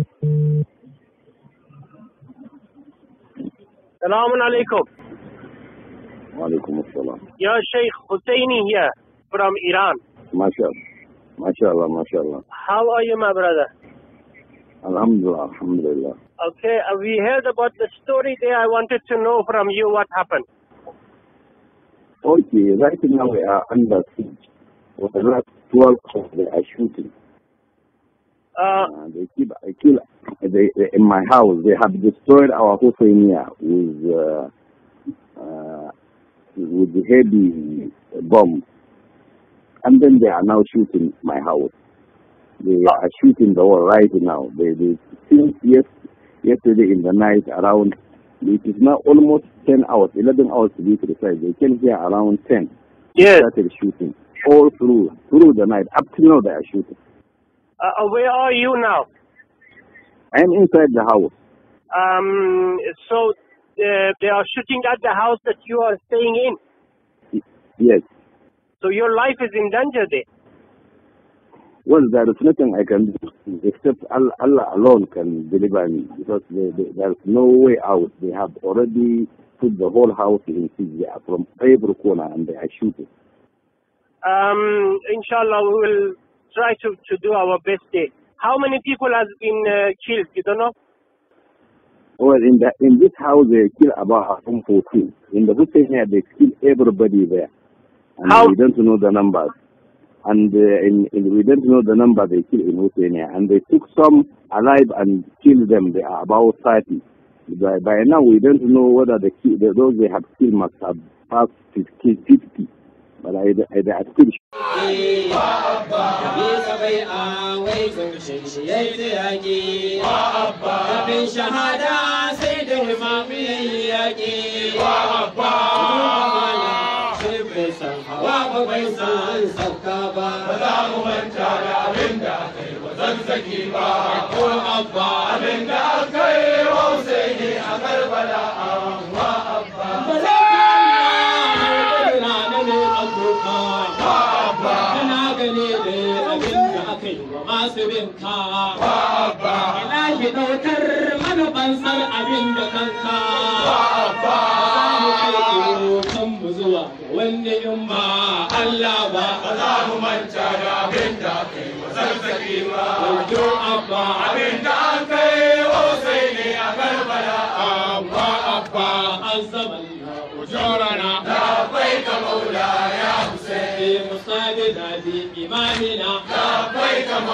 Assalamu alaikum. Alaikum assalam. Your Sheikh Husseini here from Iran. MashaAllah. MashaAllah, MashaAllah. How are you, my brother? Alhamdulillah, Alhamdulillah. Okay, uh, we heard about the story there. I wanted to know from you what happened. Okay, right now we are under siege. For the last 12 hours, they are shooting. Uh, uh, they they, they, in my house, they have destroyed our Husainia with uh, uh, with heavy bombs, and then they are now shooting my house. They are shooting the wall right now. They, they since yes, yesterday in the night around it is now almost 10 hours, 11 hours to be precise. They came here around 10. Yes. Started shooting all through, through the night. Up till now, they are shooting. Uh, where are you now? and inside the house? Um, so uh, they are shooting at the house that you are staying in. Yes. So your life is in danger there. Well, there is nothing I can do except Allah, alone can deliver me because they, they, there's no way out. They have already put the whole house in Syria from every corner and they are shooting. Um, inshallah, we will try to, to do our best there. How many people has been uh, killed? You don't know? Well, in the in this house they kill about 14. In the Hussein here they kill everybody there, and How? we don't know the numbers. And uh, in, in, we don't know the number they killed in Hussein And they took some alive and killed them. They are about 30. By, by now we don't know whether the, the those they have killed must have passed 50. 50. But I, I, I still. bai a wai gaushin shi ya yi yaƙi abin shahada sai da himami ya yi yaƙi bai san hawa ba bai san sauka ba ba za mu manta da abin da ba zan saki ba ko abba abin da a Karbala amma abba ba za mu manta da abin da ba zan saki ba ko abba abin da a Karbala abba mai wa masu binka ilahi daukar manufansar abin da kanka za mu kai kanmu zuwa wanda in ba Allah ba ba za mu manta da abin da kai wa zarzaki ba wajo abba abin da an kai o oh, sai ne a karbala abba abba an zama jorana أصحاب الهدي إمامنا لبيك